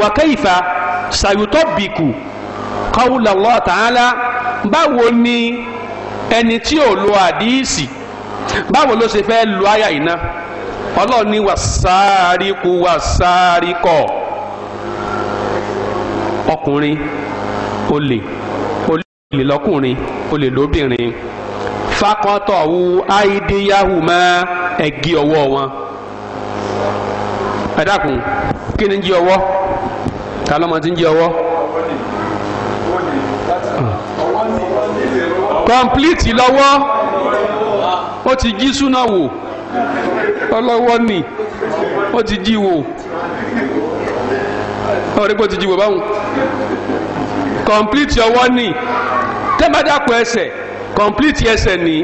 wa kaifa sayutabiku qawla Allah ta'ala báwo ni ẹni tí ò lo àdíìsì báwo ló ṣe fẹ́ lo àyà iná ọlọ́run ní wàsáríkù wàsáríkọ̀ ọkùnrin olè olè lọkùnrin olè lóbìnrin fakọtọ̀wù àìdíyàwó mọ́ ẹ̀gí ọwọ́ wọn ẹ dákun kí ni jí ọwọ́ ta lọ́mọ tí ń jẹ ọwọ́. kọ́ńplíìtì lọ́wọ́ ó ti jí súná wò ọlọ́wọ́ nì ó ti jí wò ọ̀rẹ́ pé ó ti jí wò báwọn kọ́ńplíìtì ọwọ́ nì tẹ́mẹ́dàpọ̀ ẹsẹ̀ kọ́ńplíìtì ẹsẹ̀ nì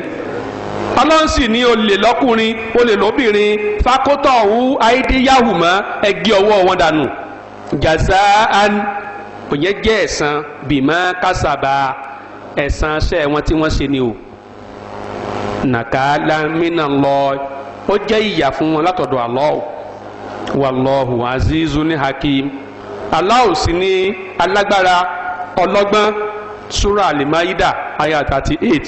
ọlọ́nsì ni olè lọ́kùnrin olè lóbìnrin fakótọ̀ ọ̀hún àìdíyàwó mọ́ ẹgbẹ́ ọwọ́ wọn dànù jazaan òyìn jẹ́ ẹ̀san bímọ kásàbà ẹ̀san ṣẹ́ wọn tí wọ́n ṣe ni o nàkàlà minallahi ó jẹ́ ìyà fún wọn látọ̀dọ̀ Allah wallahu azizun hakim Allah sì ní alágbára ọlọ́gbọ́n sura alimayida aya thirty eight.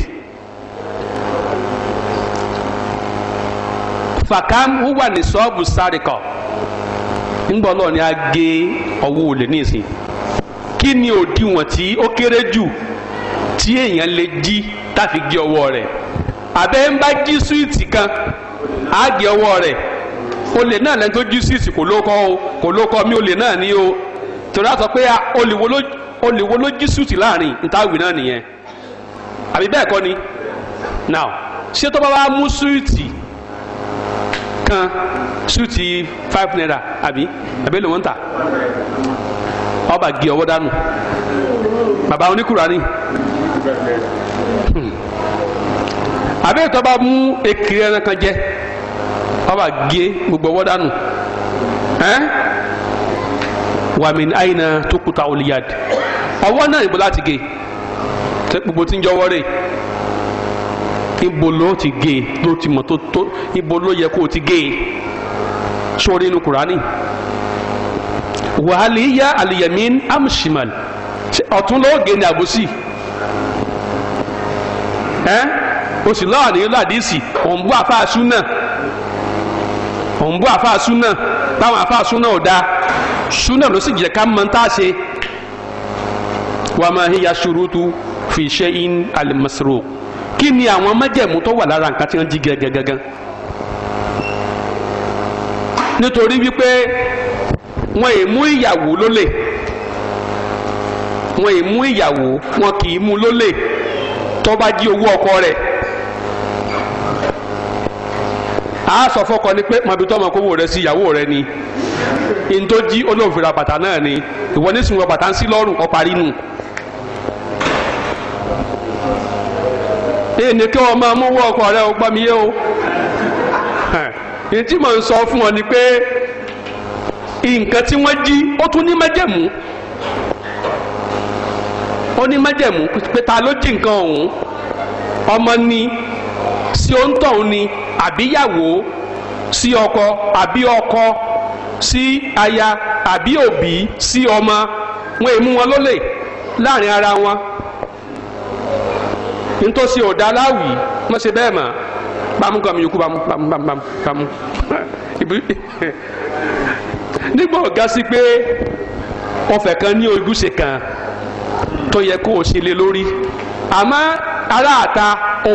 fakam huwa ni sọ́ọ̀bù sárikọ̀ nígbà ọlọ́run ni a gé ọwọ́ olè ní ìsìn kí ni òdiwọ̀n tí ó kéré jù tí èèyàn lè jí tàfi gé ọwọ́ rẹ̀ àbẹ́ ń bá jí súwìtì kan á gé ọwọ́ rẹ̀ olè náà lẹ́nu tó jí súwìtì kò ló kọ́ o kò ló kọ́ mi olè náà ni o torí a sọ pé olè ló jí súwìtì láàrin ìtawì náà nìyẹn àbí bẹ́ẹ̀ kọ́ ni now ṣé tó bá wá mú súwìtì kan súùtì five naira àbí àbí lòun ń tà ọba gé ọwọ́ dànù bàbá oníkùránì hmm. àbí ètò ọba mú ekiri ẹran kan jẹ ọba gé gbogbo ọwọ́ dànù wàmín àyìnà tó kúta olùyàd ọwọ́ náà ìbọn láti gé gbogbo tí ń jọ wọ́rẹ́ níbo ló ti gé e ló ti mọ̀ tó tó níbo ló yẹ kó o ti gé e sórí inú Kùránì wàhálì yá àlìyẹ̀mí amṣimal ọ̀tún ló gé ni àbòsí ẹ́ o sì lọ́wọ́ ní ládìsí òun bú àfáàsú náà òun bú àfáàsú náà táwọn àfáàsú náà ò dáa súnà ló sì jẹ ká mọ tá a ṣe wàá máa híya fi ṣe in alimasiro kí ni àwọn májẹ̀mú tó wà lára nǹkan tí wọ́n jí gẹ́gẹ́gẹ́gẹ́ nítorí wípé wọn è mú ìyàwó lólè wọn è mú ìyàwó wọn kì í mú lólè tó bá jí owó ọkọ rẹ̀ a sọ fọkọ ni pé mọbi tó ọmọ kówó rẹ̀ sí ìyàwó rẹ̀ ni ntó jí olóòfin ra bàtà náà ni ìwọ nísìnyí ọbàtà ń sí lọ́rùn ọparí nù. èyí ni kí wọn máa mú wọ ọkọ rẹ o gbọ́ mi yé o tí sọ fún ọ ni pé nǹkan tí wọ́n jí ó tún ní májẹ̀mú ó ní pé ta ló jí ọ̀hún ọmọ ni sí òǹtọ̀hún ni àbíyàwó sí ọkọ àbí ọkọ sí aya àbí òbí sí ọmọ wọn èmú wọn lólè láàrin wọn. ntòsí ọ̀dà aláwì mọ̀ ṣe bẹ́ẹ̀ mọ̀ bàmú kan mi yòókù bàmú bàmú bàmú bàmú nígbà ọ̀gá sí pé ọ̀fẹ́ kan ní ojúṣe kan tó yẹ kó o ṣe lé lórí àmọ́ aláàta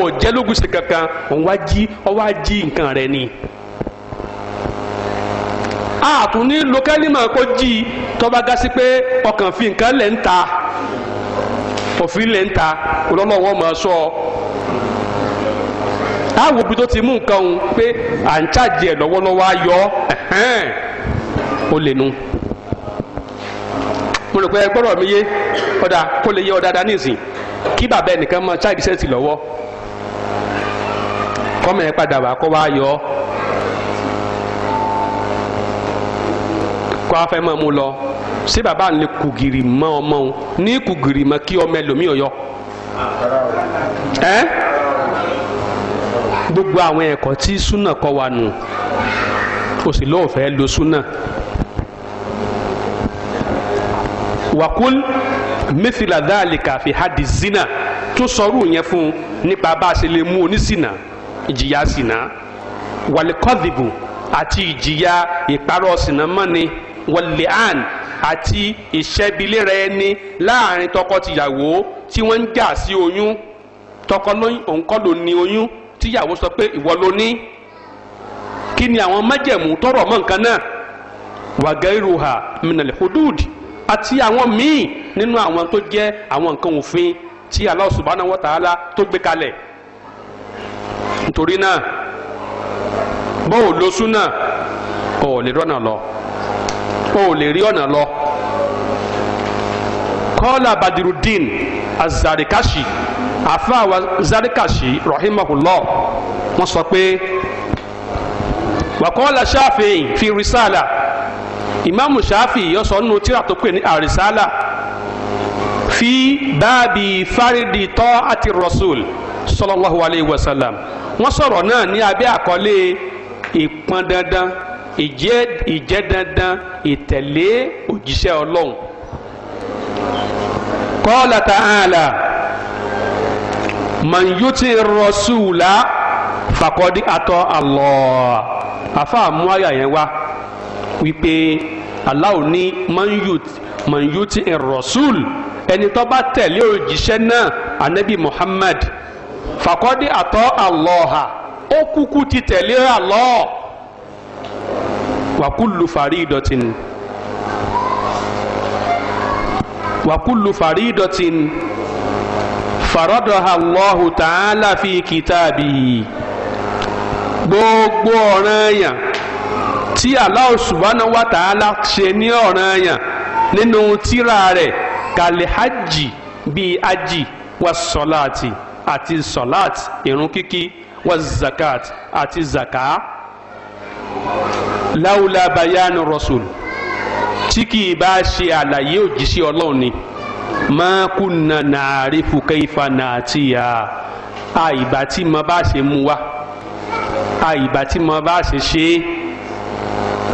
ọ̀jẹ́ lógúnṣe kankan òun wá jí ọwá jí nǹkan rẹ ni àtúní lokẹ́lì mọ̀ kó jí tọ́ba gá sí pé ọkàn fi nǹkan lẹ̀ ń ta òfìlẹ̀ ń ta ọlọ́lọ́ wọn máa sọ ọ. àwọn òbí tó ti mú nǹkan òun pé à ń ṣàjẹ́ lọ́wọ́lọ́wọ́ ayọ́ ó lè nu mo rò pé gbọ́dọ̀ mi yé ọ̀dà kó lè yé ọ dáadáa nísìn kí bàbá ẹnìkan máa ṣáà ìdíṣẹ́ ti lọ́wọ́ kọ́mọ̀ ẹ padà wá kó wá yọ kó wá fẹ́ mọ́ mu lọ ṣé bàbá ń lè kùgìrì mọ́ ọmọ òun ní kùgìrì mọ́ kí ọmọ ẹlòmíì ọ̀yọ́ ẹ́ gbogbo àwọn ẹ̀kọ́ tí súnà kọ́ wa nù o sì lọ́ọ̀ fẹ́ lo súnà wàkúl mithila dhalika fi hadi zina tún sọrú yẹn fún nípa bá a ṣe lè mú onísìnà ìjìyà sìnà wàlíkọ́dìbò àti ìjìyà ìparọ́ sìnà mọ́ni wàlíàn àti ìṣẹ́bilérà ẹni láàrin tọkọ-tìyàwó tí wọ́n ń jà sí oyún tọkọ òun kọ́ ló ní oyún tíyàwó sọ pé ìwọ ló ní kí ni àwọn májẹ̀mú tọrọ mọ́ nǹkan náà wàgẹ́rùhà minal hudud àti àwọn míì nínú àwọn tó jẹ́ àwọn nǹkan òfin tí Allah subhanahu wa ta'ala tó gbé kalẹ̀ nítorí náà bọ́ọ̀ lóṣù náà ọ̀ lè rọ́nà lọ kan ò lè rí ọ̀nà lọ. kọ́lá badirudin azarikashi àfa wa zarikashi rahimahullah wọ́n sọ pé wàkọ́lá ṣáfì fi risala ìmáàmù ṣáfì yọ̀sọ̀ nínú tíra tó pè ní àrísálà fi báàbí fárídì tọ́ àti rasul sallallahu alayhi wa wọ́n sọ̀rọ̀ náà ní abẹ́ àkọlé ìpọn dandan ìjẹ́ ìjẹ́ dandan ìtẹ̀lé òjíṣẹ́ ọlọ́run qala ta'ala man yuti rasula faqad atọ́ Allah àfáà mú àyà yẹn wá wípé Allah ní man yuti man yuti rasul ẹni tó bá tẹ̀lé òjíṣẹ́ náà anabi Muhammad faqad atọ́ Allah ó kúkú ti tẹ̀lé Allah wàkúlù fàrídọ̀tìn wàkúlù fàrídọ̀tìn fàrọ́dọ̀hà Allahu ta'ala fi kìtàbí gbogbo ọ̀ranyàn tí Allah subhanahu wa ta'ala ṣe ní ọ̀ranyàn nínú tírà rẹ̀ kàlẹ́ hajj bíi hajj wa sọláàtì àti sọláàtì irun kíkí wa zakat àti zakaa láwùlà bayanu rasul tí kì í bá ṣe àlàyé òjíṣẹ́ ọlọ́run ni máa kú na nàárífù kẹfà nàátì yá àìbá tí mo bá ṣe mú wa àìbá tí mo bá ṣe ṣe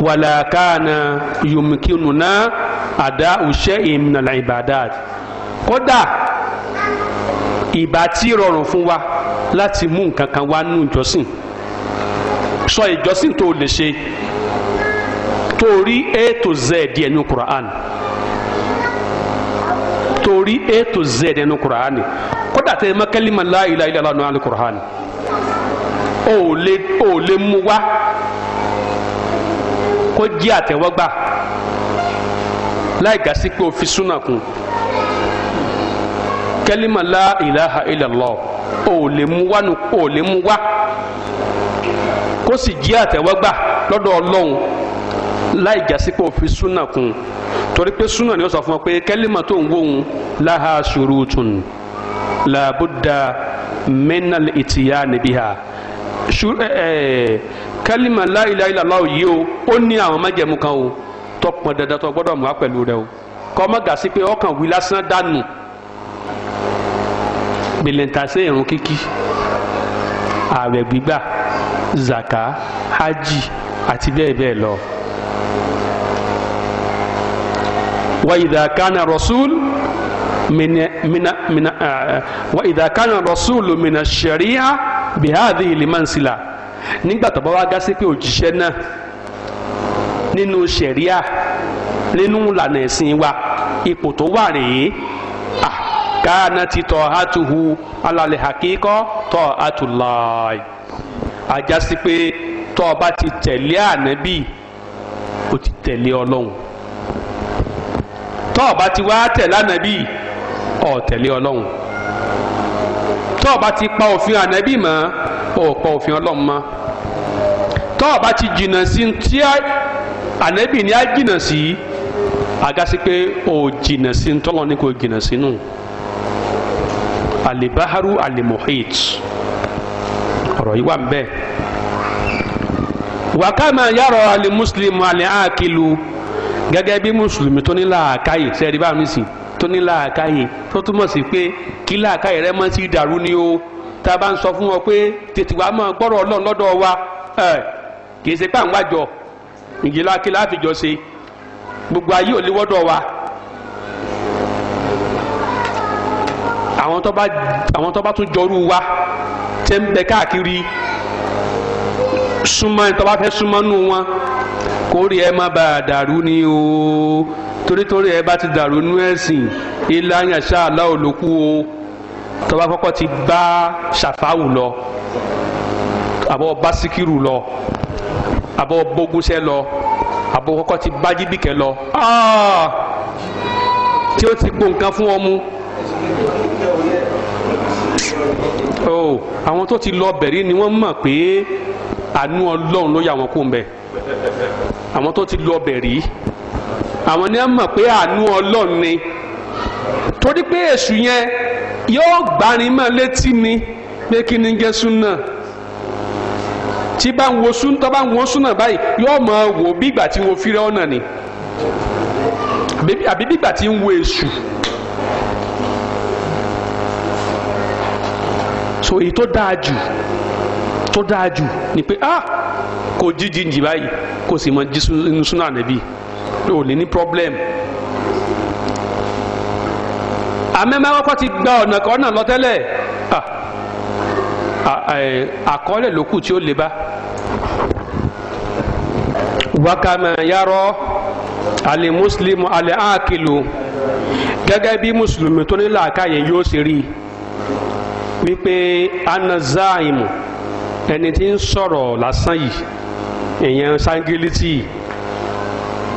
wàlàkàna yomkinuna àdá òṣè ìmìnàlà ìbàdà kódà ìbá tí rọrùn fún wa láti mú nǹkan kan wá nù ìjọsìn sọ ìjọsìn ò lè ṣe torí a to z díẹ̀ nínú Quran torí a to z díẹ̀ nínú Quran kódà tẹ mọ́kẹ́lì máa la ilaha illallah nínú Quran ò lè ò lè mú wá kó jẹ́ àtẹ̀wọ́gbà láì gà sí pé o fi súnà kún kẹ́límà la ilaha illallah ò lè mú wá kó sì jí àtẹ̀wọ́gbà lọ́dọ̀ ọlọ́run láì jásí pé òfin súnà kún torí pé súnà ni ó sọ fún ọ pé kẹ́límà tó ń wóhun láha ṣurutun làbúdà mẹ́nàl ìtìyà níbíhà kẹ́límà la ilaha illallah yìí o ó ní àwọn májẹ̀mú kan o tó pọn dandan tó gbọ́dọ̀ mú wá pẹ̀lú rẹ o kọ́ mọ́ gàsí pé ọkàn wí lásán dànù gbèlèǹtà sí kíkí ààwẹ̀ gbígbà zaka hajj àti bẹ́ẹ̀ bẹ́ẹ̀ lọ. wa idha kana rasul mina mina mina ah, ah, wa idha kana rasul mina sharia bihadhi limansila nígbà tó bá wá gá sí pé òjíṣẹ́ náà nínú sẹ̀ríà nínú ìlànà ẹ̀sìn wa ipò tó wà rèé àkáàná ah, ti tọ́ àtúhu alàlẹ́ àkíkọ́ tọ́ àtúláì àjásí pé tó o bá ti tẹ̀lé ànábì o ti tẹ̀lé ọlọ́run tó o bá ti wá tẹ̀lé ànábì o tẹ̀lé ọlọ́run tó o bá ti pa òfin ànábì mọ́ o pa òfin ọlọ́run mọ́ tó o bá ti jìnnà sí tí ànábì ni á jìnnà sí àjásí pé o jìnnà sí tọ́lọ́ ní kò jìnnà sínú alibaharu alimuhit ọ̀rọ̀ yìí wà ń bẹ. wàkàmà yàrá àlè mùsùlùmí àlè àkìlù gẹ́gẹ́ bí mùsùlùmí tó ní làákàyè sẹ́ẹ̀rí báwọn nìsín tó ní làákàyè tó túmọ̀ sí pé kí làákàyè rẹ mọ́ sí dàrú ni o tá a bá ń sọ fún wọn pé tètè wàá mọ̀ gbọ́rọ̀ ọlọ́run lọ́dọ̀ wa kì í ṣe pàǹwájọ ìjìlá kí láàfijọ́ ṣe gbogbo ayé ò léwọ́dọ̀ wa àwọn tó bá tún jọrú wa ṣe ń bẹ káàkiri súnmọ́ ẹni tó bá fẹ́ súnmọ́ nù wọn kórè ẹ má bàa dàrú ni o torítorí ẹ bá ti dàrú nú ẹ̀sìn ilé àyànṣá aláwọ̀ ló kú o tó bá kọ́kọ́ ti bá ṣàfáwù lọ àbọ̀ bá síkírù lọ àbọ̀ bógúnṣẹ́ lọ àbọ̀ kọ́kọ́ ti bá jíbìkẹ́ lọ tí ó ti gbó nǹkan fún ọmú o oh, àwọn tó ti lọ bẹ̀rí ni wọ́n mọ̀ pé àánú ọlọ́run ló yà wọ́n kó ń bẹ̀ àwọn tó ti lọ bẹ̀rí àwọn ni wọ́n mọ̀ pé àánú ọlọ́run ni torí pé èṣù yẹn yóò gbarin mọ́ létí ni pé kí ni jẹ́ súnà tí bá ń wo sún tó bá ń wo súnà báyìí yóò mọ̀ wò bí ìgbà tí ń wo fírẹ́ ọ̀nà ni àbí bí ìgbà tí ń wo èṣù. so èyí tó dáa jù tó dáa jù ni pé ah kò jíjí jì báyìí kò sì mọ jísù inú súnà nàbí ò ní ní problem. àmẹ́mẹ́ akọ́kọ́ ti gba ọ̀nà kan náà lọ tẹ́lẹ̀ àkọọ́lẹ̀ ló kù tí ó le bá. wakama yarọ alimuslimu aliakilu gẹ́gẹ́ bí mùsùlùmí tó ní làákàyè yóò ṣe rí i wípé anazaimu ẹni tí ń sọ̀rọ̀ lásán yìí ìyẹn sangiliti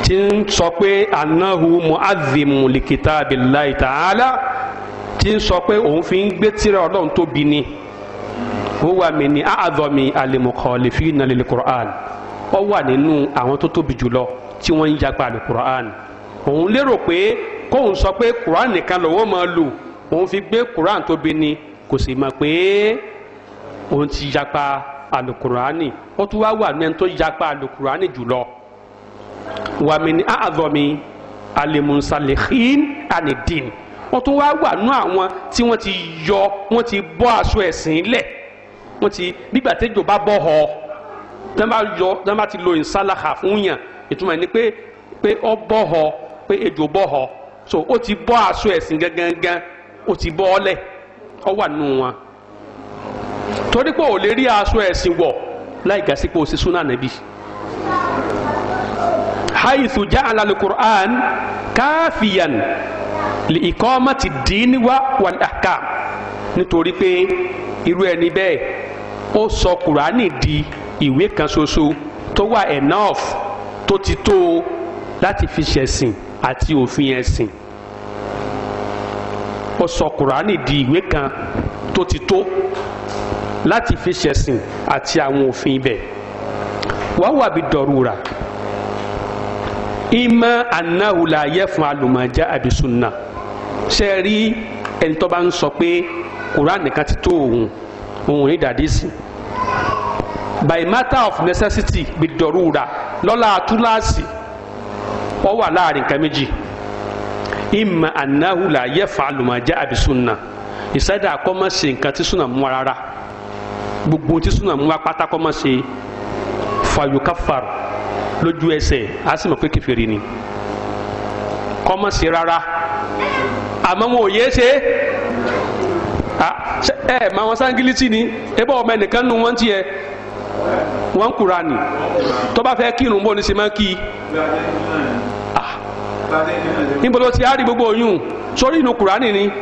tí ń sọ pé anahu mu'adhimu likitabillahi ta'ala tí ń sọ pé òun fi ń gbé tírà ọlọ́run tóbi ni huwa min a'dhami al-mukhalifina lil-Qur'an ó wà nínú àwọn tó tóbi jùlọ tí wọ́n ń yapa al-Qur'an òun lérò pé kóun sọ pé Qur'an nìkan lòun máa lò òun fi gbé Qur'an tóbi ni kò sì mọ̀ pé òun ti yapa alukurani ó tún wá wà ní ẹni tó yapa alukurani jùlọ wàmíní àádọ́mi alimusalehin anidin wọ́n tún wá wà nú àwọn tí wọ́n ti yọ wọ́n ti bọ́ aṣọ ẹ̀sìn lẹ̀ wọ́n ti gbígbà tẹ́jọ bá bọ́ họ tẹ́ bá ti lo ìsálàkà fún yàn ìtumọ̀ ni pé pé ọ bọ́ họ pé ejò bọ́ họ so ó ti bọ́ aṣọ ẹ̀sìn gangan ó ti bọ́ ọ lẹ̀ ọ wà nù wọn torí pé ò lè rí aṣọ ẹ̀sìn wọ̀ láì gà sí pé o ṣe súnà nàbí haythu ja'ala al-Qur'an káfíyan li iqamati ad-din wa wal ahkam nítorí pé irú ẹni bẹ́ẹ̀ ó sọ kùránì di ìwé kan ṣoṣo tó wà enough tó ti tó o láti fi ṣẹ̀sìn àti òfin ẹ̀sìn ó sọ kùránì di ìwé kan tó ti tó láti fi ṣẹ̀sìn àti àwọn òfin ibẹ̀ wá wà bí dọ̀rùrà ìmọ̀ anáhùlà ayẹ́ fún alùmọ̀já àbísùnà ṣe rí ẹni tó bá ń sọ pé kùránì kan ti tó òun òun ní dàdísì by matter of necessity bí dọ̀rùrà lọ́la túláàsì ó wà láàrin nǹkan méjì imma annahu la yaf'alu ma ja'a bi sunna ìsáyidà akọ́mọ̀ ṣe nǹkan tí sunna mú rárá gbogbo tí sunna mú apáta kọ́mọ̀ ṣe fayokafar lójú ẹsẹ̀ á sì mọ̀ pé kẹfìrì ni kọ́mọ̀ ṣe rárá àmọ́ wọn ò yé ṣe ẹ ẹ máa wọn sáńgílítì ni ẹ bá ọmọ ẹnìkan nù wọn tiẹ wọn kúra ni tó bá fẹ́ kírun bó ni ṣe máa kí níbo ló ti á rí gbogbo oyún sórí inú kùránì ni.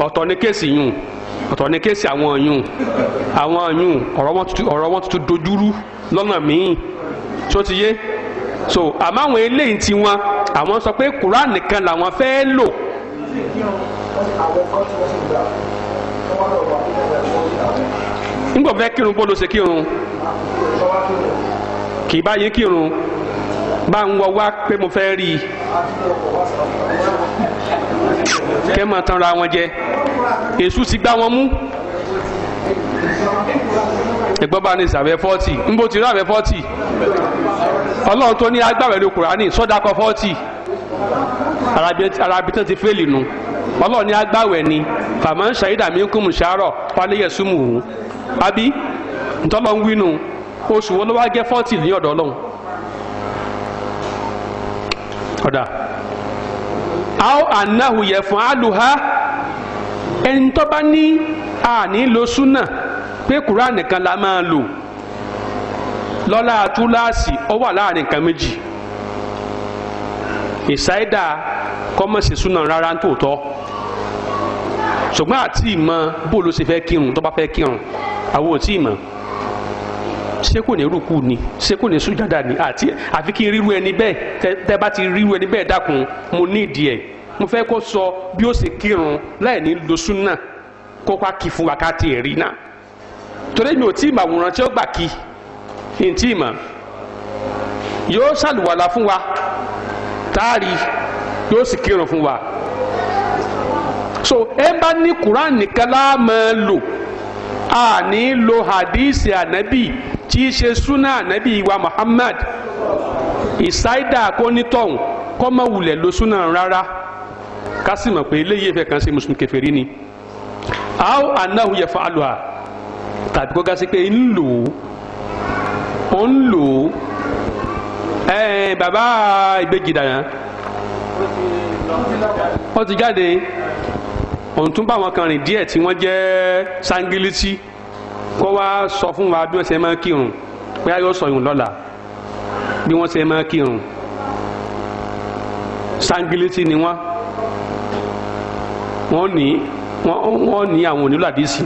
ọ̀tọ̀ ni kéèsì yùn ọ̀tọ̀ ni kéèsì àwọn yùn àwọn yùn ọ̀rọ̀ wọn tuntun dojúrú lọ́nà míì tí ó ti yé so àmọ́ àwọn eléyìí tiwọn àwọn sọ pé kùránì kan làwọn fẹ́ lò. lè kirun, wọ́n ti àwọn kirun, bá wá pé mo fẹ́ rí i kẹ́ máa tanra wọn jẹ ti gbá wọn mú ẹ̀gbọ́n bá ní ìsàbẹ̀ fọ́tì ńbó ti rí àbẹ̀ ọlọ́run tó ní agbára ìlú Arabitan ti fẹ́ẹ̀lì nu ọlọ́run ní agbáwẹ̀ ni fàmọ́ ń ṣàyídà mí kún mu ṣàárọ̀ paléyẹ súnmù wù àbí ntọ́lọ́ ń wínú oṣù wo ló wá gẹ́ fọ́ọ̀tì ní ọ̀dọ̀ ọlọ́run ọ̀dà àwọn ànáhù yẹ fún ẹni tó bá ní àní lo súnà pé kúrán nìkan la máa lò lọ́la túláàsì ó wà láàrin nǹkan méjì kọ́mọ̀ sí súnà rárá tó tọ́ ṣùgbọ́n àti ìmọ̀ bó ló ṣe fẹ́ kírun tó bá fẹ́ kírun àwọn ò tí ì mọ̀ ṣé kò ní rúkú ni ṣé kò ní sùjádà ni àti àfi kí n ríru ẹni bẹ́ẹ̀ tẹ́ bá ti ríru ẹni bẹ́ẹ̀ dákun mo ní ìdí ẹ̀ mo fẹ́ kó sọ bí ó ṣe kírun láì ní lo súnà kó wá kí fún wákàtí ẹ̀rí náà torí mi ò tí ì mọ̀ àwòrán tí ó gbà kí n tí ì mọ̀ yóò ṣàlùwàlà fún wa táàrí yóò sì kírun fún wa so ẹ bá ní Quran nìkan la lò a ní lo hadisi anabi tí í ṣe suna anabi wa Muhammad ìsáídà kónítọ̀hún kọ́mọ wulẹ̀ lo suna rárá ká sì mọ̀ pé eléyìí fẹ́ kàn ṣe mùsùlùmí kèfèrí ni aw anahu yẹ fa alùhà tàbí kó gasi pé ń lò ẹ bàbá ìbejì dànù wọ́n ti jáde òun tún bá wọn kan rìn díẹ̀ tí wọ́n jẹ́ sangilisi kó wá sọ fún wa bí wọ́n ṣe máa kírun pé ayọ́ sọ̀yún lọ́la bí wọ́n ṣe máa kírun sangilisi ni wọ́n wọ́n ní wọ́n ní àwọn onílò àdìsí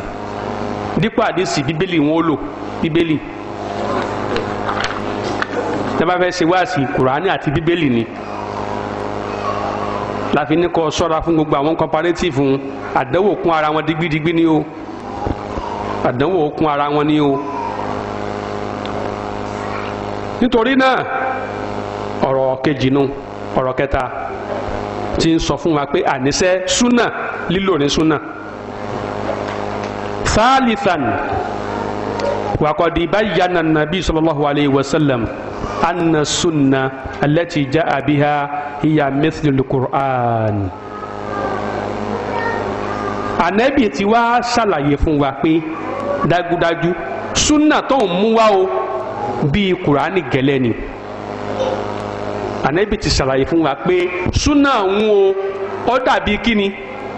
dípò àdìsí bíbélì wọn ó lò bíbélì tí a bá fẹ́ ṣe wáàsí kùránì àti bíbélì ni láfi ní kọ́ sọ́ra fún gbogbo àwọn comparative àdánwò kún ara wọn digbidigbi ni o àdánwò kún ara wọn ni o nítorí náà ọ̀rọ̀ kejì nu ọ̀rọ̀ kẹta ti ń sọ fún wa pé àníṣe súnà lílò ní súnà thalithan wàkọ̀dì báyìí yánà nàbí sallallahu alayhi wa sallam anna sunna allati ja'a biha hiya mithlul qur'an. ànẹ́bì tí wàá ṣàlàyé fún wa pé dájúdájú sunna tó ń mú wá o bíi kùránì gẹ́lẹ́ ni ànẹ́bì ti ṣàlàyé fún wa pé sunna ń o ó dàbí kíni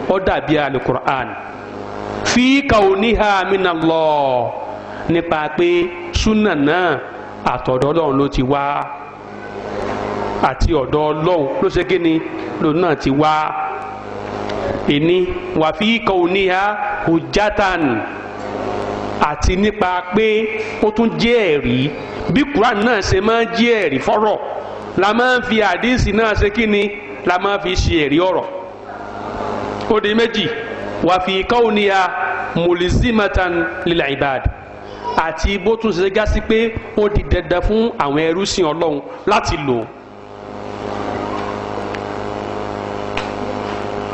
ó dàbí alukur'an fi kauniha minallah nípa pé sunna náà àtọ̀dọ̀ ọlọ́run ló ti wá àti ọ̀dọ̀ ọlọ́run ló ṣe kí ni lòun náà ti wá ìní wàfi kọ́ òní ha hujjatan àti nípa pé ó tún jẹ́ ẹ̀rí bí Quran náà ṣe máa ń jẹ́ ẹ̀rí fọ́rọ̀ la máa ń fi àdínsì náà ṣe kí ni la máa fi ṣe ẹ̀rí ọ̀rọ̀ ó di méjì wàfi kọ́ òní ha mùlìsímàtàn lil ibad àti bó tún ṣe gá sí pé ó di dandan fún àwọn ẹrú sìn ọlọ́run láti lò.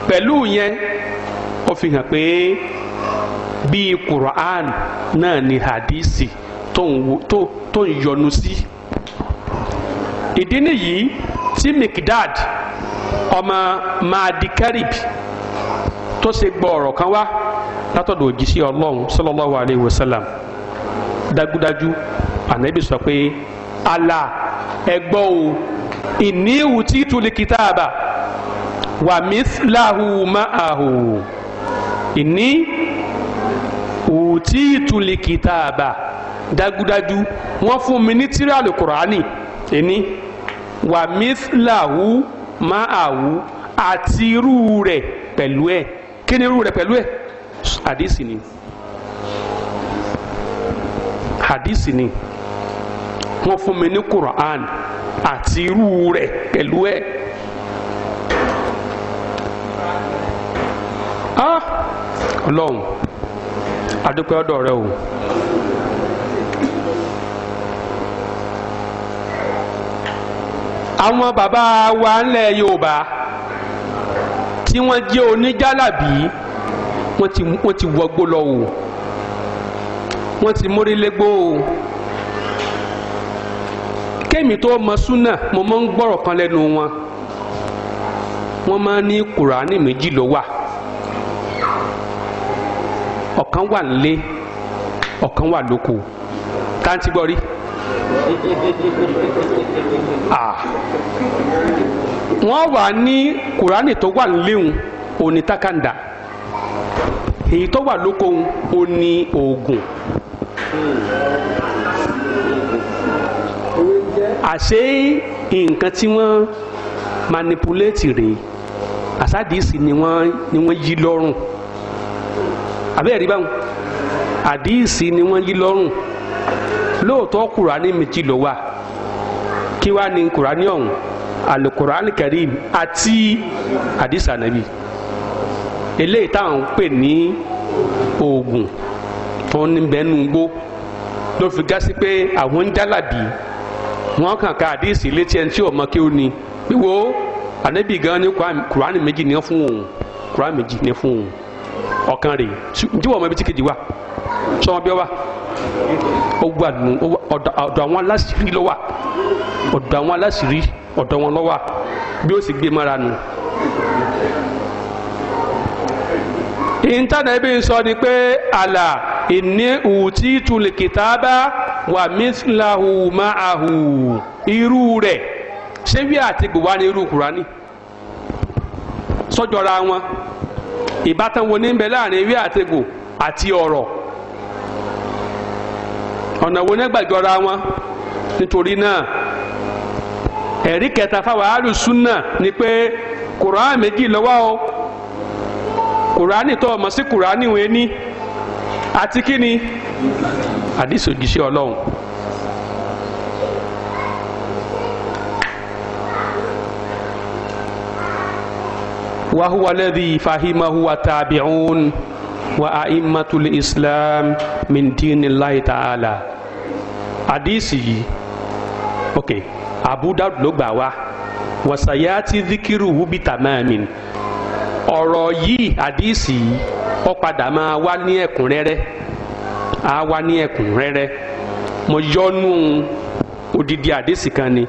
pẹ̀lú yẹn ó fi hàn pé bíi Qur'an náà ni hadisi tó ń yọnu sí. ìdí nìyí tí Mikdad ọmọ Mahdi Karib tó ṣe gbọ́ ọ̀rọ̀ kan wá látọ̀dọ̀ òjíṣẹ́ ọlọ́run sallallahu alayhi wa sallam dájúdájú ànábì sọ pé àlà ẹgbọ́ o ìní ìwù tí ìtúlẹ̀ kìtàbà wà mísìláhù máàhù ìní ìwù tí ìtúlẹ̀ kìtàbà dájúdájú wọ́n fún mi ní tírà Al-Kùránì ìní wà mísìláhù máàhù àti irú rẹ̀ pẹ̀lú ẹ̀ kí ni irú rẹ̀ pẹ̀lú ẹ̀ àdìsí ni hadisi ni wọ́n fún mi ní quran àti irú rẹ̀ pẹ̀lú ẹ̀. Ah! ọlọ́run adúpẹ́ ọ̀dọ̀ rẹ o. àwọn bàbá wa ńlẹ̀ yorùbá tí wọ́n jẹ́ oníjàlábí wọ́n ti wọgbó lọ o wọ́n ti mórí légbó o kémi tó mọ súnà mo máa ń gbọ́rọ̀ kan lẹ́nu wọn wọ́n máa ní kùránì méjì ló wà ọ̀kan wà nílé ọ̀kan wà lóko tá à ń ti rí wọ́n wà ní kùránì tó wà níléhùn òní takanda èyí tó wà lóko òní oògùn. àṣé nǹkan tí wọ́n manipulate rèé àsádìísì ni wọ́n ni wọ́n yí lọ́rùn àbẹ́ẹ̀rí báwọn àdìísì ni wọ́n yí lọ́rùn lóòótọ́ kùránì méjì ló wà kí wàá ní kùránì ọ̀hún alukurani karim àti àdìsà nàbì eléyìí táwọn ń pè ní oògùn tó ń bẹnu gbó ló fi gá sí pé àwọn ń jálàbí wọn kàn ká àdíìsì létí ẹni tí o mọ kí o ní wíwo ànábì gan ni kùránì méjì ní fún òun kùránì méjì ní fún òun ọ̀kan rèé tí wọ́n mọ ibi tí kejì wà sọmọ bí ọ wà ó wà nù ọ̀dọ̀ àwọn aláṣìírí ló wà ọ̀dọ̀ àwọn aláṣìírí ọ̀dọ̀ wọn ló wà bí ó sì gbé mọ́ra nù. ìntànà ibi ń sọ ni pé àlà ìní ùtí tulè kìtàbá. wà mísìláhù máàhù irú rẹ̀ ṣé bí àti gbòwá ni irú kùránì sọ́jọ́ra wọn ìbátan wo ní bẹ láàrin ewé àtegbò àti ọ̀rọ̀ ọ̀nà wo ní gbàjọra wọn nítorí náà ẹ̀rí kẹta fáwọn alùsùnà ni pé kùránì méjì lọ́wọ́ o kùránì tó ọmọ sí kùránì wọn ní àti kíni. àdìsí òjíṣẹ́ ọlọ́run. وهو الذي فهمه التابعون وأئمة الإسلام من دين الله تعالى حديثي yìí okay Abu Dawud ló gbà wá wasayati dhikiruhu bitamamin ọ̀rọ̀ yìí hadisi yìí ó padà máa wá ní ẹ̀kúnrẹ́rẹ́ á wá ní ẹ̀kúnrẹ́rẹ́ mo yọnu odidi àdìsí kan ni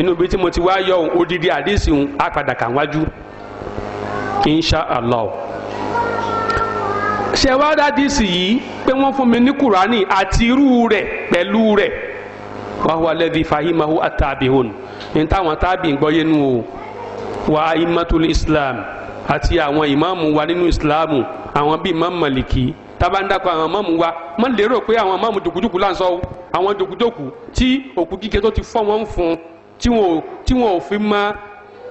inú ibi tí mo ti wá yọ odidi àdìsí òun á padà kà wájú insha allah ṣe wá dádìsí yìí pé wọ́n fún mi ní kùránì àti irú rẹ̀ pẹ̀lú rẹ̀ wà wà lẹ́bi fahimahu àtàbíhùn ní táwọn tábì gbọ́yé nù o wà imatul islam àti àwọn ìmáàmù wa nínú islam àwọn bíi imam maliki tabanda tabandakọ àwọn mọ́mù wa má lérò pé àwọn mọ́mù dùkúdùkú là ń sọ o àwọn dùkúdùkú tí òkú kíkẹ́ tó ti fọ́ wọn fún tí wọn tí wọn ò fi mọ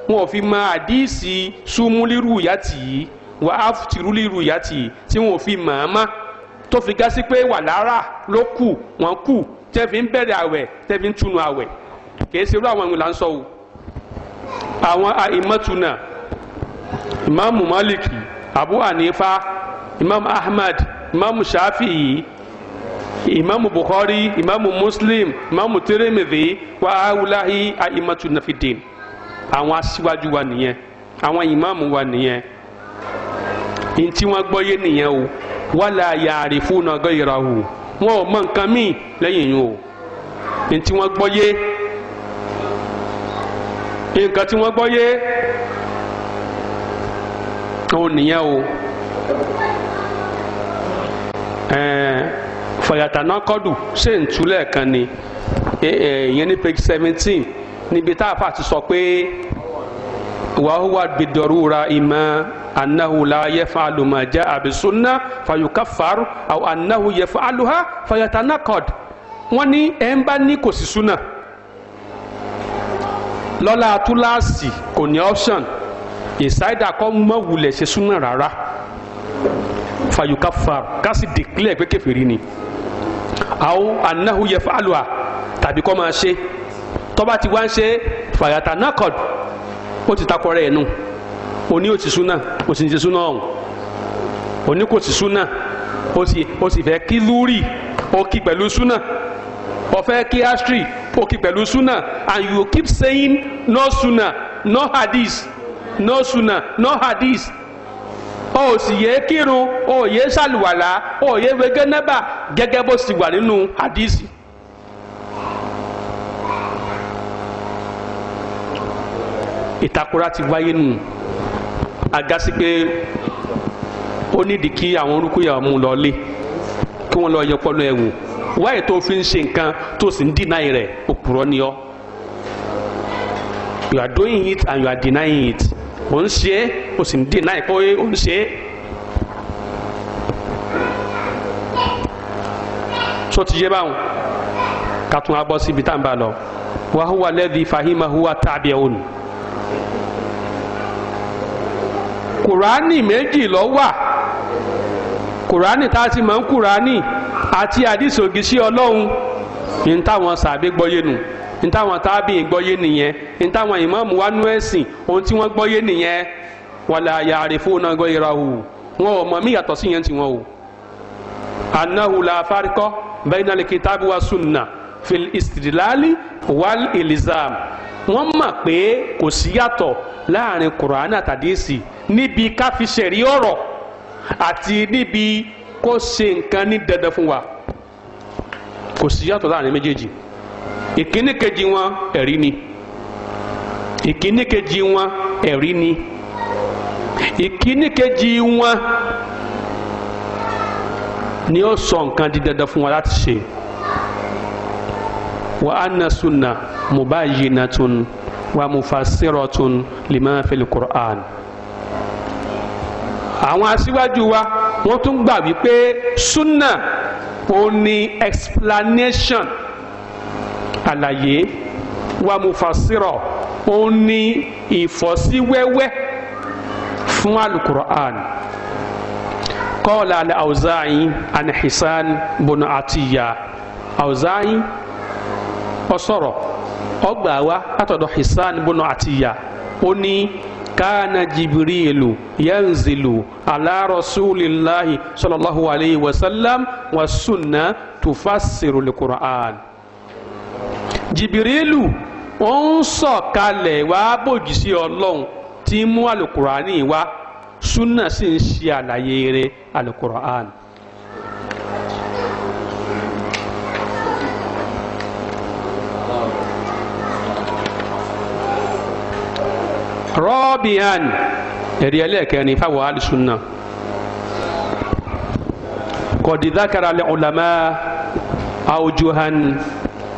wọn ò fi mọ àdíìsì súnmúlírù yàtì wà á tìrúlírù yàtì tí wọn ò fi mọ̀ ọ́n mọ́ tó fi gásí pé wà lára ló kù wọn kù tẹ́ fi ń bẹ̀rẹ̀ àwẹ̀ tẹ́ fi ń túnu àwẹ̀ kì í ṣe irú àwọn ìwé là ń sọ o àwọn ìmọ̀túnà ìmáàmù Málìkì Abu Hanifa Imam Ahmad imamu shafi'i imamu bukhari imamu muslim imamu tiremidhi wa awulahi aimatu nafidin àwọn aṣíwájú wa nìyẹn àwọn imamu wa nìyẹn ntí wọn gbọ́yé nìyẹn o wala ya'rifuna ghayrahu wọn ò mọ nǹkan míì lẹ́yìn yìí o ntí wọn gbọ́yé nǹkan tí wọn gbọ́yé òun nìyẹn o. Eh, fọyàtànà kọdù ṣe ń túlẹ̀ kan ni eh, eh, ìyẹn ní page seventeen níbi tá a fà ti sọ pé wàhùwà bìdọ̀rúra ìmọ̀ anahu la yaf'alu ma ja'a bi sunna fayukaffaru aw anahu yaf'aluha fayatanaqad wọ́n ní ẹ̀ ń bá ní kò sí súnà lọ́la túláàsì kò ní option ìsáìdà kọ́ mọ́ wulẹ̀ ṣe súnà rárá fayukaffaru kásì declare pé kèfèrí ni àwọn anahu yẹ fàlùwà tàbí kọ́ máa ṣe tọ́ba ti wá ń ṣe fàyàtà nakod ó ti takọ rẹ̀ nù oní òsì súnà òsì ní ti súnà ọ̀hún oní kò sí súnà ó sì ó sì fẹ́ kí lúrì ó kí pẹ̀lú súnà ó fẹ́ kí astri ó kí pẹ̀lú súnà and you keep saying no sunna no hadith no sunna no hadith o ò sì yéé kírun o ò yéé ṣàlùwàlá o ò yéé wegé nẹ́bà gẹ́gẹ́ bó sì wà nínú hadisi. ìtakura ti wáyé nù agasi pé ó nídìí kí àwọn orúkúyà mú lọ lé kí wọ́n lọ yẹpọlọ ẹ̀ wò wáyé tó fi ń ṣe nǹkan tó sì ń dínà rẹ̀ òpùrọ́ ni ọ́ you are doing it and you are denying it ò ń ṣe é o sì ń dì náà pé ó ń ṣe é. so ti yé báwọn ká tún abọ́ síbi tá à ń bá lọ wa huwa alladhi fahimahu wa tabi'un. kùránì méjì ló wà kùránì tá a ti mọ̀ ń kùránì àti àdìsí ọlọ́run ní táwọn sàbẹ̀ gbọ́yé nù ntáwọn tábìlì gbọ́yé nìyẹn ntáwọn ìmáàmù wa nú ẹ̀sìn ohun tí wọ́n gbọ́yé nìyẹn wàlẹ̀ àyàrí fún náà gbọ́yé ra hù wọn ò mọ̀ mí yàtọ̀ sí yẹn tiwọn o. anahu la farikọ bẹ́ẹ̀ni alikitaabi wa sunna fil istidilali wal ilizam wọ́n mọ̀ pé kò sí láàrin kùránì àtàdésì níbi káfíṣẹ̀rí ọ̀rọ̀ àti níbi kó ṣe nǹkan ní dandan fún wa kò sí láàrin méjèèjì ìkíní kejì wọn ẹ̀rí ni ìkíní kejì wọn ẹ̀rí ni ìkíní kejì wọn ni ó sọ nǹkan di dandan fún wa láti ṣe wa anna sunna tun wa mufassiratun lima fil qur'an àwọn aṣíwájú wa wọ́n tún gbà wípé sunna ó ní explanation àlàyé wa mufasirọ ó ní ìfọ́síwẹ́wẹ́ fún alukur'an kọ́ọ̀lá alẹ́ auza'i an hisan bunu atiya auza'i ọsọ̀rọ̀ ọgbà wa látọ̀dọ̀ hisan bunu atiya ó ní kana jibirilu yanzilu ala rasulillahi sallallahu alayhi wa sallam wa sunna tufassiru likur'an jìbìrìlù ó ń sọ̀kalẹ̀ wá bòjì sí ọlọ́run tí ń mú alukurani wá súnà sì ń ṣe àlàyé rẹ̀ alukurani. rọ́bìhàn ẹ̀rí ẹlẹ́ẹ̀kẹrin fáwọn alìsúnà kọ̀dídákàrà lẹ́ọ̀lámà àwùjọ́hàn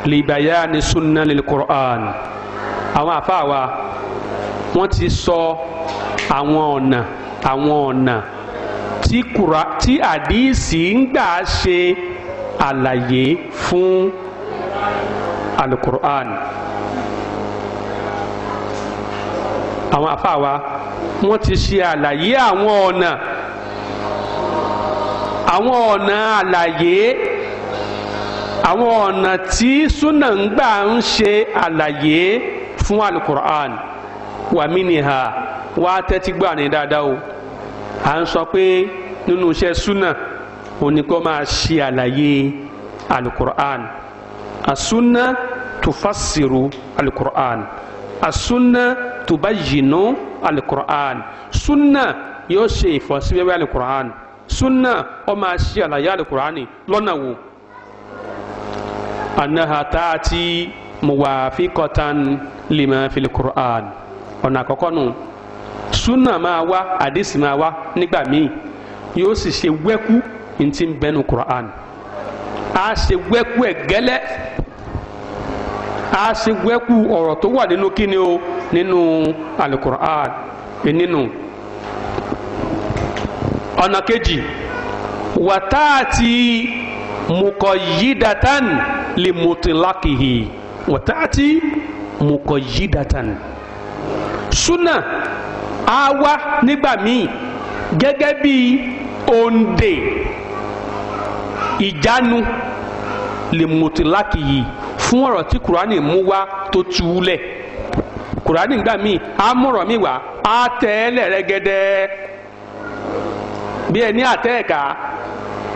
libayani sunna lil qur'an àwọn àfáà wa wọ́n ti sọ àwọn ọ̀nà àwọn ọ̀nà tí kura tí àdìsí ń gbà ṣe àlàyé fún alukur'an àwọn àfáà wa ti ṣe àlàyé àwọn ọ̀nà àwọn ọ̀nà àlàyé àwọn ọ̀nà tí súnà ń gbà ń ṣe àlàyé fún alukur'an wà mí nìha wá tẹ́tí gbà ní dáadáa o à ń sọ pé nínú iṣẹ́ súnà oníkọ́ máa ṣe àlàyé alukur'an asúnà tufassiru alukur'an asúnà tubayyinu alukur'an súnà yóò ṣe ìfọ́síwẹ́wẹ́ alukur'an súnà ó máa ṣe àlàyé alukur'an lọ́nà wo. annaha taati muwafiqatan lima fil qur'an ọ̀nà àkọ́kọ́ nù sunna máa wá àdìsí máa wá nígbà míì yóò sì ṣe wẹ́kú ntí ń bẹ́nu qur'an a ṣe wẹ́kú ẹ̀ gẹ́lẹ́ a ṣe wẹ́kú ọ̀rọ̀ tó wà nínú kíni o nínú alukur'an nínú ọ̀nà kejì wàtáàtì. mukoyidatan li mutilakihi wàtàtì mukoyidatan súnà á wá nígbà míì gẹ́gẹ́ bí òǹdè ìjánu lè mùtìláàkì yìí fún ọ̀rọ̀ tí kùránì mú wá tó tu lẹ̀ kùránì gbà míì á mọ̀rọ̀ wá á tẹ̀ ẹ́ bí ẹni àtẹ́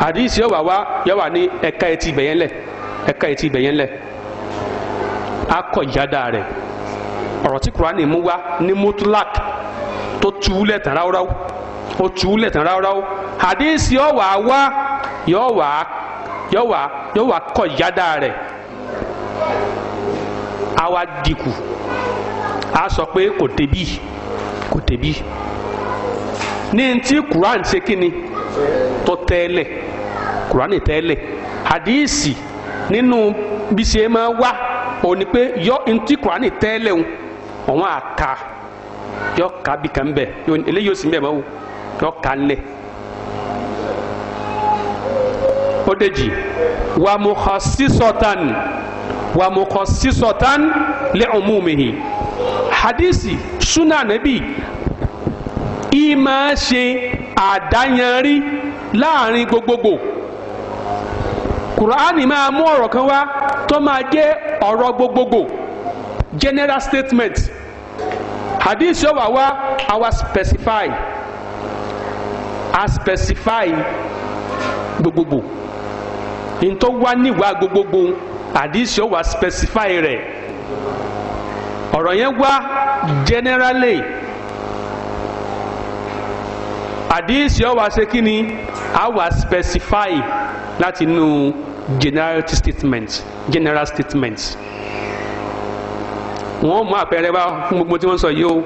àdìsí ọ̀wà wa yọ wà ní ẹ̀ka etí ibẹ̀yẹn lẹ̀ ẹ̀ka etí lẹ̀ ìyáda rẹ̀ ọ̀rọ̀ tí Kùránì mú wá ní mutlak tó túlẹ̀ tán ráúráú ó túlẹ̀ tán ráúráú àdìsí ọ̀wà wa yọ wà yọ wà kọ̀ ìyáda rẹ̀ á wá dìkù á sọ pé kò kò tó tẹ́lẹ̀ kùránì tẹ́lẹ̀ hadíìsì nínú bí ṣe máa wá òun ni pé yọ ntí kùránì tẹ́lẹ̀ òun òun àka yọ ka bí kan bẹ̀ eléyìí ó sì bẹ̀ báwo yọ ka lẹ̀ ó dèjì wàmùkọ̀ sísọ̀tàn wàmùkọ̀ sísọ̀tàn lẹ́ọ̀mú mihi hadisi sunan nàbì ìmáa ṣe. àdáyanrí láàrin gbogbogbò kùránì máa mú ọ̀rọ̀ kan wá tó máa jẹ́ ọ̀rọ̀ gbogbogbò general statement hadith yóò wá wá àwa specify a specify gbogbogbò ntọ́ wá níwá gbogbogbò hadith yóò wá specify rẹ̀ ọ̀rọ̀ yẹn wá generally. hadith yóò wá ṣe kí ni a wá specify láti inú general statement general statement wọ́n mú àpẹẹrẹ wá fún gbogbo tí wọ́n sọ yìí o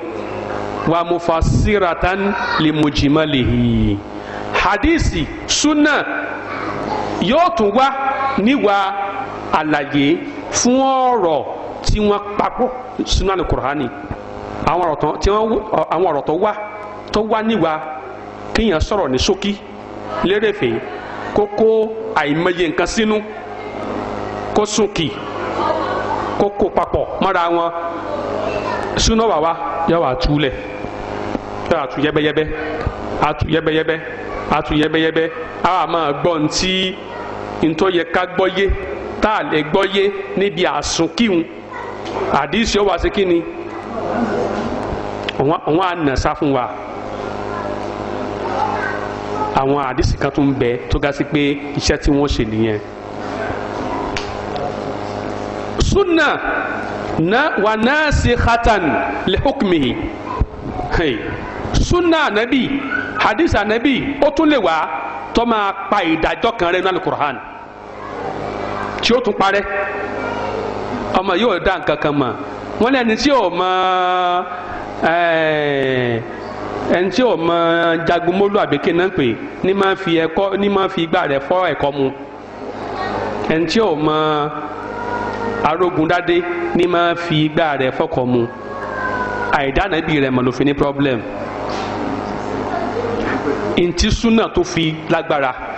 wa mufassiratan limujimalihi hadisi sunna yóò tún wá níwà àlàyé fún ọ̀rọ̀ tí wọ́n papọ̀ sunna ní kur'ani àwọn ọ̀rọ̀ tó wá tó wá níwà kéèyàn sọ̀rọ̀ ní ṣókí lérèfé kó kó àìmọye nǹkan sínú kó kó kó papọ̀ mọ́ra wọn súná wàwá yóò wà túlẹ̀ yóò wà tú yẹ́bẹ́yẹ́bẹ́ atu yẹ́bẹ́yẹ́bẹ́ atu yẹ́bẹ́yẹ́bẹ́ a wà máa gbọ́ ntí ntọ́ yẹ ká gbọ́ yé tá a lè gbọ́ yé níbi àsunkíhun àdìsí wá sí àna fún wa. àwọn àdìsí kan tó ń bẹ tó ga sí pé iṣẹ́ tí wọ́n ṣe nìyẹn. sunna na wà náà sí khatan lè hey. sunna anabi hadith anabi ó tún lè wá tó máa pa ìdájọ́ kan rẹ̀ nínú alukur'an tí ó tún parẹ́ ọmọ yóò dá nǹkan kan mọ̀ wọ́n lẹ́ni tí ò mọ̀ ẹ́ẹ́. Eh, ẹni tí ò mọ jagunmólú àbíké náà pè ní máa fi ẹ̀kọ ní máa fi igbá rẹ̀ fọ́ ẹ̀kọ mu ẹni tí ò mọ arógundádé ní máa fi igbá rẹ̀ fọ́kọ mu àìdánẹ́bí rẹ̀ mọ̀ ló fi ní problem ntí súnà tó fi lágbára.